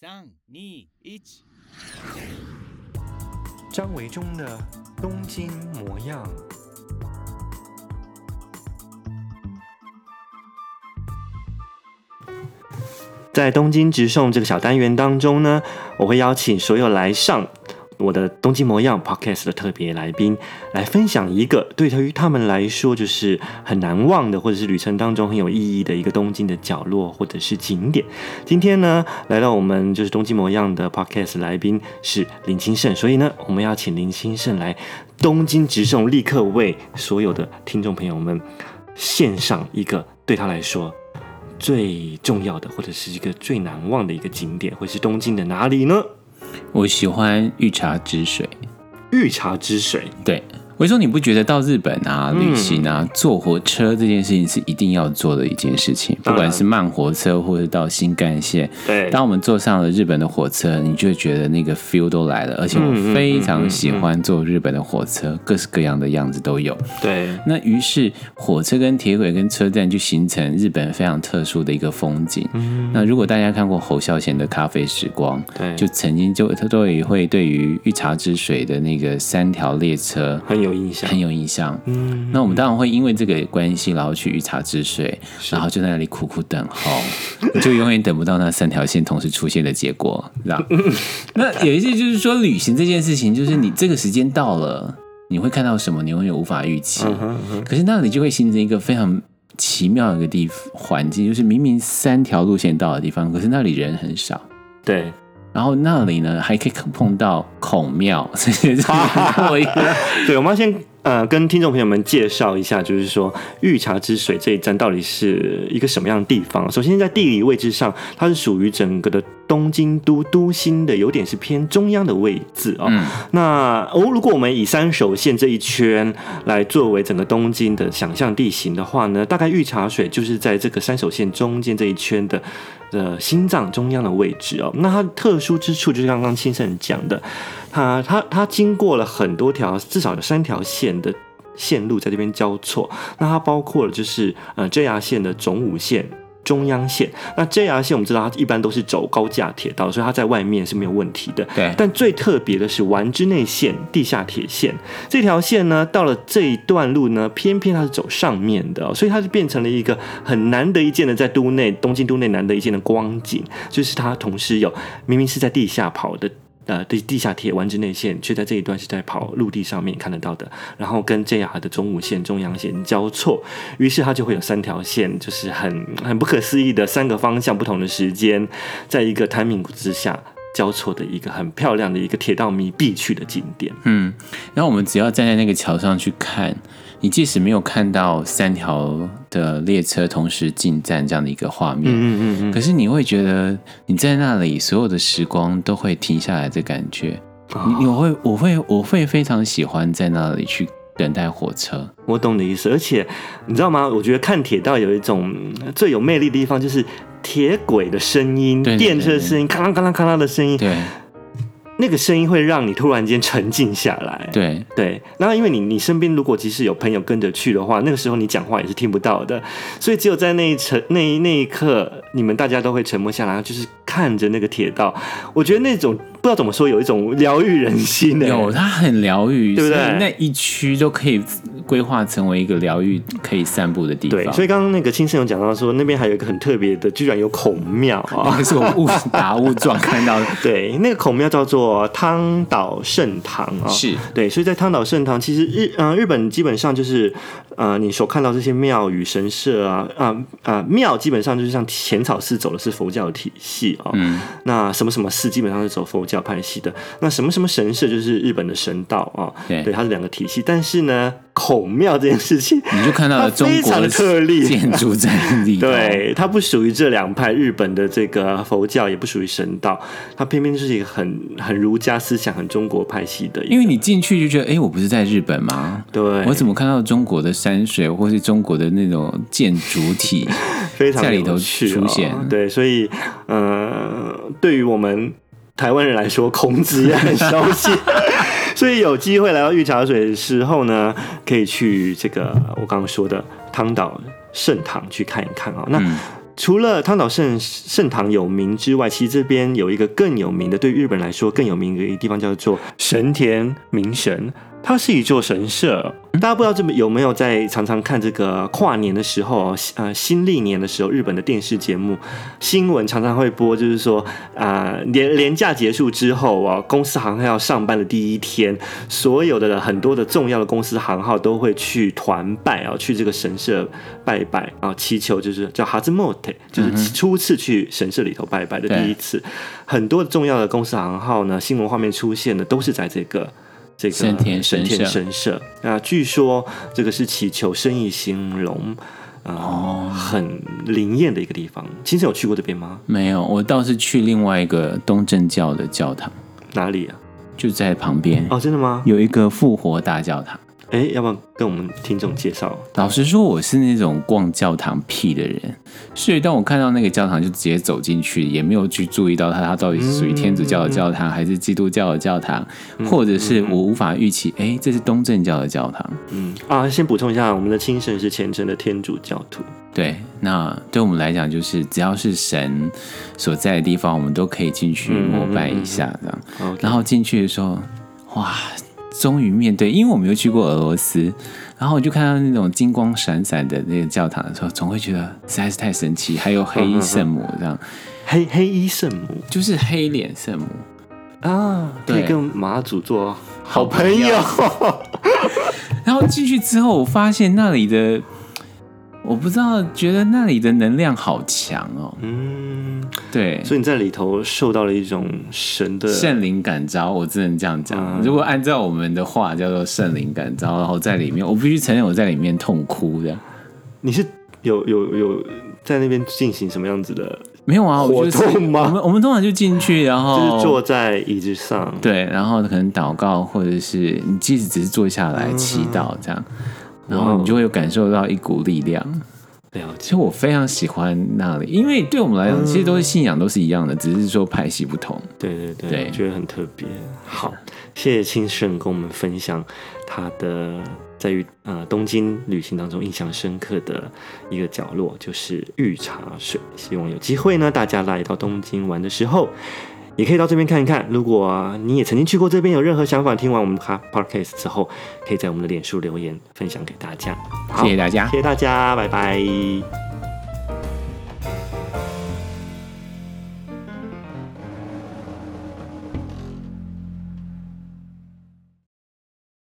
三、二、一，張維中的東京模樣。在東京直送這個小單元當中呢，我會邀請所有來上。我的東京模樣 Podcast 的特別來賓，來分享一個對於他們來說就是很難忘的，或者是旅程當中很有意義的一個東京的角落或者是景點。今天呢，來到我們就是東京模樣的 Podcast 來賓是林清盛，所以呢，我們要請林清盛來東京直送，立刻為所有的聽眾朋友們獻上一個對他來說最重要的，或者是一個最難忘的一個景點，會是東京的哪裡呢？我喜歡御茶之水。御茶之水，對。我說，你不覺得到日本啊旅行啊，坐火車這件事情是一定要做的一件事情，不管是慢火車或者到新幹線。對，當我們坐上了日本的火車，你就會覺得那個 feel 都來了，而且我非常喜歡坐日本的火車，各式各樣的樣子都有。對，那於是火車跟鐵軌跟車站就形成日本非常特殊的一個風景。那如果大家看過侯孝賢的《咖啡時光》，對，就曾經就他對於會對於御茶之水的那個三條列車很有。有印象，很有印象。那我們當然會因為這個關係，然後去御茶之水，然後就在那裡苦苦等候， 你就永遠等不到那三條線同時出現的結果， 那有一些就是說，旅行這件事情，就是你這個時間到了，你會看到什麼？你永遠無法預期，嗯哼，嗯哼。可是那裡就會形成一個非常奇妙的一個地環境，就是明明三條路線到的地方，可是那裡人很少，對。然後那裡呢，還可以碰到，孔廟這些，哈哈哈哈 對，我們要先。呃，跟聽眾朋友們介紹一下，就是說御茶之水這一站到底是一個什麼樣的地方？首先在地理位置上，它是屬於整個的東京都都心的，有點是偏中央的位置哦。嗯、那哦，如果我們以山手線這一圈來作為整個東京的想象地形的話呢，大概御茶水就是在這個山手線中間這一圈的呃心臟中央的位置哦。那它特殊之處就是剛剛清盛講的，啊，它它經過了很多條，至少有三條線的線路在這邊交錯。那它包括了就是呃，JR 線的總武線、中央線。那 JR 線我們知道它一般都是走高架鐵道，所以它在外面是沒有問題的。對。但最特別的是丸之內線、地下鐵線，這條線呢，到了這一段路呢，偏偏它是走上面的，所以它是變成了一個很難得一見的在都內東京都內難得一見的光景，就是它同時有明明是在地下跑的。呃，地地下鐵丸之內線，卻在這一段是在跑陸地上面看得到的，然後跟 JR 的總武線、中央線交錯，於是它就會有三條線，就是很很不可思議的三個方向不同的時間，在一個 timing 之下交錯的一個很漂亮的一個鐵道迷必去的景點。嗯，然後我們只要站在那個橋上去看，你即使沒有看到三條。的列車同時進站，這樣的一個畫面，嗯，嗯嗯嗯，可是你會覺得你在那裡所有的時光都會停下來的感覺，哦、你你會我會我會，我會非常喜歡在那裡去等待火車。我懂你意思。而且你知道嗎？我覺得看鐵道有一種最有魅力的地方，就是鐵軌的聲音對對對對，電車的聲音、咔啦咔啦咔啦的聲音，對。那個聲音會讓你突然間沉靜下來。對對，然後因為你你身邊如果即使有朋友跟着去的話，那個時候你講話也是聽不到的，所以只有在那一層那一、那一刻，你們大家都會沉默下來，就是看着那個鐵道。我覺得那種。不知道怎麼說，有一種療癒人心的、欸，有它很療癒，對不對？那一區就可以規劃成為一個療癒、可以散步的地方。對，所以剛剛那個清盛有講到說，那邊還有一個很特別的，居然有孔廟啊、哦哦，是我們誤打誤撞看到的。 對，那個孔廟叫做湯島聖堂啊、哦，是對，所以在湯島聖堂，其實日嗯、呃、日本基本上就是、呃、你所看到這些廟宇神社啊啊啊、呃呃呃、廟，基本上就是像淺草寺走的是佛教體系啊、哦嗯，那什麼什麼寺基本上是走佛。教派系，的那什麼什麼神社就是日本的神道啊，對，它是兩個體系。但是呢，孔廟這件事情，你就看到了中國的特例建築在裡， 對，它不屬於這兩派，日本的這個佛教也不屬於神道，它偏偏就是一個很很儒家思想，很中國派系的。因為你進去就覺得，哎，我不是在日本嗎？對，我怎麼看到中國的山水，或是中國的那種建築體，在、 哦、裡頭出現？對，所以，呃，對於我們。台灣人來說，孔子也很熟悉， 所以有機會來到御茶水的時候呢，可以去這個我剛剛說的湯島聖堂去看一看啊、哦嗯。那除了湯島聖聖堂有名之外，其實這邊有一個更有名的，對日本人來說更有名的一個地方，叫做神田明神。它是一座神社。大家不知道這有沒有在常常看這個跨年的時候，呃，新曆年的時候，日本的電視節目新聞常常會播，就是說啊，年、呃、年假結束之後啊，公司行號要上班的第一天，所有的很多的重要的公司行號都會去團拜啊，去這個神社拜拜啊，祈求就是叫哈茲莫特，就是初次去神社裡頭拜拜的第一次。嗯、很多的重要的公司行號呢，新聞畫面出現的都是在這個。這個神田神社,神社啊，據說這個是祈求生意興隆，呃，哦、很靈驗的一個地方。清盛有去過這邊嗎？沒有，我倒是去另外一個東正教的教堂，哪裡啊？就在旁邊哦，真的嗎？有一個復活大教堂。哎，要不要跟我們聽眾介紹？老實說，我是那種逛教堂癖的人，所以當我看到那個教堂，就直接走進去，也沒有去注意到它，它到底是屬於天主教的教堂，嗯、還是基督教的教堂，嗯，或者是我無法預期，哎、嗯，這是東正教的教堂。嗯啊，先補充一下，我們的清盛是虔誠的天主教徒。對，那對我們來講，就是只要是神所在的地方，我們都可以進去膜拜一下，嗯、這樣。Okay. 然後進去的時候，哇！終於面對，因為我沒有去過俄羅斯，然後我就看到那種金光閃閃的那個教堂的時候，總會覺得實在是太神奇。還有黑衣聖母這樣，嗯嗯嗯、黑黑衣聖母就是黑臉聖母啊？對，可以跟媽祖做好朋友。朋友 然後進去之後，我發現那裡的。我不知道，覺得那裡的能量好強哦。嗯，對，所以你在裡頭受到了一種神的聖靈感召，我只能這樣講，嗯。如果按照我們的話，叫做聖靈感召，然後在裡面，我必須承認我在裡面痛哭的。你是有有有在那邊進行什麼樣子的活動嗎？沒有啊，我就是，我們我們通常就進去，然後就是坐在椅子上，對，然後可能禱告，或者是你即使只是坐下來祈禱這樣。嗯然後你就會有感受到一股力量，對啊，其實我非常喜歡那裡，因為對我們來講，嗯、其實都是信仰，都是一樣的，只是說派系不同。對對對，對我覺得很特別。好，謝謝清盛跟我們分享他的在於呃東京旅行當中印象深刻的一個角落，就是御茶水。希望有機會呢，大家來到東京玩的時候。也可以到這邊看一看。如果你也曾經去過這邊，有任何想法，聽完我們的卡 Parkcase 之後，可以在我們的臉書留言分享給大家。好，謝謝大家，謝謝大家，拜拜。